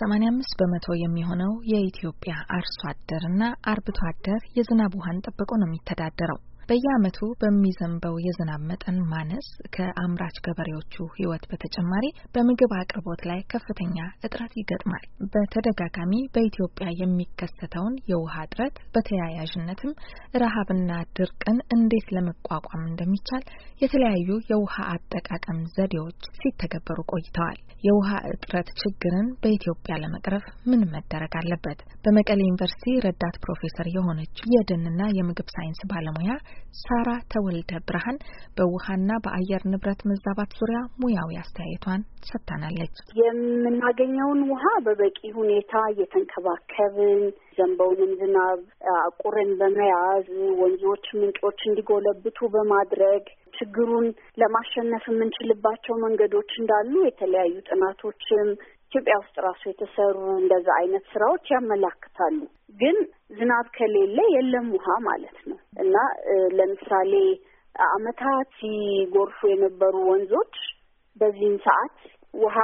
85 በመቶ የሚሆነው የኢትዮጵያ አርሶ አደርና አርብቶ አደር የዝናብ ውሃን ጠብቆ ነው የሚተዳደረው። በየዓመቱ በሚዘንበው የዝናብ መጠን ማነስ ከአምራች ገበሬዎቹ ሕይወት በተጨማሪ በምግብ አቅርቦት ላይ ከፍተኛ እጥረት ይገጥማል። በተደጋጋሚ በኢትዮጵያ የሚከሰተውን የውሃ እጥረት በተያያዥነትም ረሃብና ድርቅን እንዴት ለመቋቋም እንደሚቻል የተለያዩ የውሃ አጠቃቀም ዘዴዎች ሲተገበሩ ቆይተዋል። የውሃ እጥረት ችግርን በኢትዮጵያ ለመቅረፍ ምን መደረግ አለበት? በመቀሌ ዩኒቨርሲቲ ረዳት ፕሮፌሰር የሆነችው የደንና የምግብ ሳይንስ ባለሙያ ሳራ ተወልደ ብርሃን በውሃና በአየር ንብረት መዛባት ዙሪያ ሙያዊ አስተያየቷን ሰጥታናለች። የምናገኘውን ውሃ በበቂ ሁኔታ እየተንከባከብን ዘንበውንም ዝናብ አቁርን በመያዝ ወንዞች፣ ምንጮች እንዲጎለብቱ በማድረግ ችግሩን ለማሸነፍ የምንችልባቸው መንገዶች እንዳሉ የተለያዩ ጥናቶችም ኢትዮጵያ ውስጥ ራሱ የተሰሩ እንደዛ አይነት ስራዎች ያመላክታሉ። ግን ዝናብ ከሌለ የለም ውሃ ማለት ነው እና ለምሳሌ አመታት ሲጎርፉ የነበሩ ወንዞች በዚህም ሰዓት ውሃ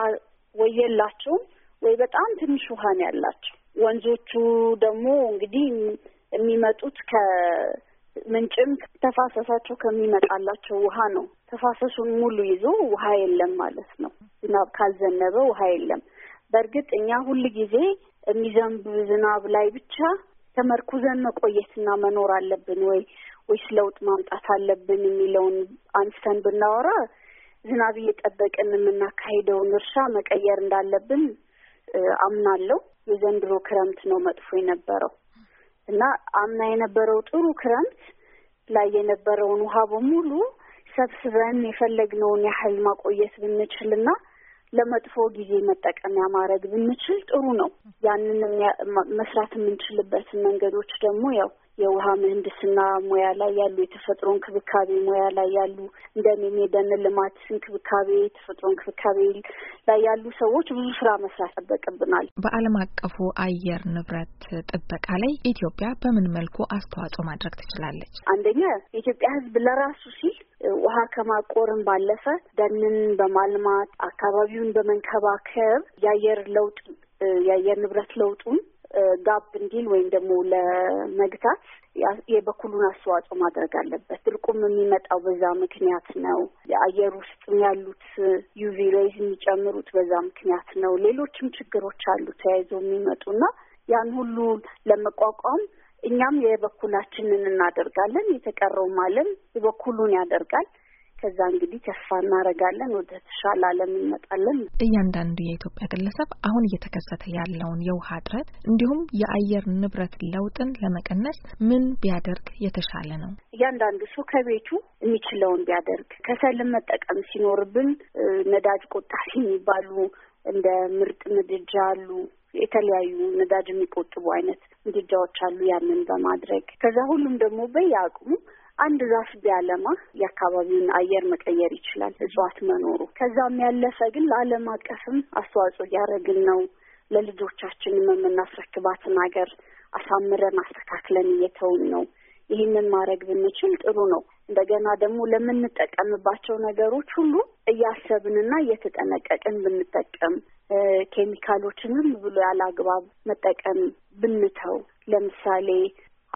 ወይ የላቸውም ወይ በጣም ትንሽ ውሃ ነው ያላቸው። ወንዞቹ ደግሞ እንግዲህ የሚመጡት ከምንጭም ተፋሰሳቸው ከሚመጣላቸው ውሃ ነው። ተፋሰሱን ሙሉ ይዞ ውሃ የለም ማለት ነው። ዝናብ ካልዘነበ ውሃ የለም። በእርግጥ እኛ ሁል ጊዜ የሚዘንብ ዝናብ ላይ ብቻ ተመርኩዘን መቆየትና መኖር አለብን ወይ ወይስ ለውጥ ማምጣት አለብን የሚለውን አንስተን ብናወራ ዝናብ እየጠበቅን የምናካሄደውን እርሻ መቀየር እንዳለብን አምናለሁ። የዘንድሮ ክረምት ነው መጥፎ የነበረው እና አምና የነበረው ጥሩ ክረምት ላይ የነበረውን ውሃ በሙሉ ሰብስበን የፈለግነውን ያህል ማቆየት ብንችልና ለመጥፎ ጊዜ መጠቀሚያ ማድረግ ብንችል ጥሩ ነው። ያንን መስራት የምንችልበትን መንገዶች ደግሞ ያው የውሃ ምህንድስና ሙያ ላይ ያሉ፣ የተፈጥሮ እንክብካቤ ሙያ ላይ ያሉ፣ እንደኔም የደን ልማት እንክብካቤ፣ የተፈጥሮ እንክብካቤ ላይ ያሉ ሰዎች ብዙ ስራ መስራት ጠበቅብናል። በዓለም አቀፉ አየር ንብረት ጥበቃ ላይ ኢትዮጵያ በምን መልኩ አስተዋጽኦ ማድረግ ትችላለች? አንደኛ የኢትዮጵያ ሕዝብ ለራሱ ሲል ውሃ ከማቆርን ባለፈ ደንን በማልማት አካባቢውን በመንከባከብ የአየር ለውጥ የአየር ንብረት ለውጡን ጋብ እንዲል ወይም ደግሞ ለመግታት የበኩሉን አስተዋጽኦ ማድረግ አለበት። ድርቁም የሚመጣው በዛ ምክንያት ነው። የአየር ውስጥ ያሉት ዩቪ ሬይዝ የሚጨምሩት በዛ ምክንያት ነው። ሌሎችም ችግሮች አሉ ተያይዘው የሚመጡና ያን ሁሉ ለመቋቋም እኛም የበኩላችንን እናደርጋለን። የተቀረውም ዓለም የበኩሉን ያደርጋል። ከዛ እንግዲህ ተስፋ እናደርጋለን ወደ ተሻለ ዓለም እንመጣለን። እያንዳንዱ የኢትዮጵያ ግለሰብ አሁን እየተከሰተ ያለውን የውሃ እጥረት እንዲሁም የአየር ንብረት ለውጥን ለመቀነስ ምን ቢያደርግ የተሻለ ነው? እያንዳንዱ ሰው ከቤቱ የሚችለውን ቢያደርግ ከሰልም መጠቀም ሲኖርብን ነዳጅ ቆጣቢ የሚባሉ እንደ ምርጥ ምድጃ አሉ የተለያዩ ነዳጅ የሚቆጥቡ አይነት ምድጃዎች አሉ። ያንን በማድረግ ከዛ ሁሉም ደግሞ በየአቅሙ አንድ ዛፍ ቢያለማ የአካባቢውን አየር መቀየር ይችላል እጽዋት መኖሩ። ከዛም ያለፈ ግን ለዓለም አቀፍም አስተዋጽኦ እያደረግን ነው። ለልጆቻችንም የምናስረክባትን ሀገር አሳምረን አስተካክለን እየተውን ነው። ይህንን ማድረግ ብንችል ጥሩ ነው። እንደገና ደግሞ ለምንጠቀምባቸው ነገሮች ሁሉ እያ እያሰብንና እየተጠነቀቅን ብንጠቀም ኬሚካሎችንም ብሎ ያለ አግባብ መጠቀም ብንተው ለምሳሌ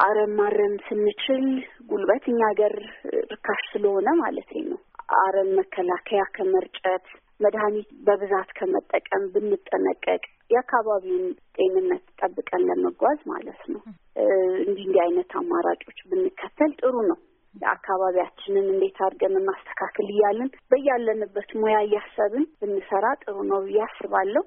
አረም ማረም ስንችል ጉልበት እኛ ሀገር ርካሽ ስለሆነ ማለት ነው። አረም መከላከያ ከመርጨት መድኃኒት በብዛት ከመጠቀም ብንጠነቀቅ የአካባቢውን ጤንነት ጠብቀን ለመጓዝ ማለት ነው። እንዲህ እንዲህ አይነት አማራጮች ብንከተል ጥሩ ነው። አካባቢያችንን እንዴት አድርገን እናስተካክል እያልን በያለንበት ሙያ እያሰብን ብንሰራ ጥሩ ነው ብዬ አስባለሁ።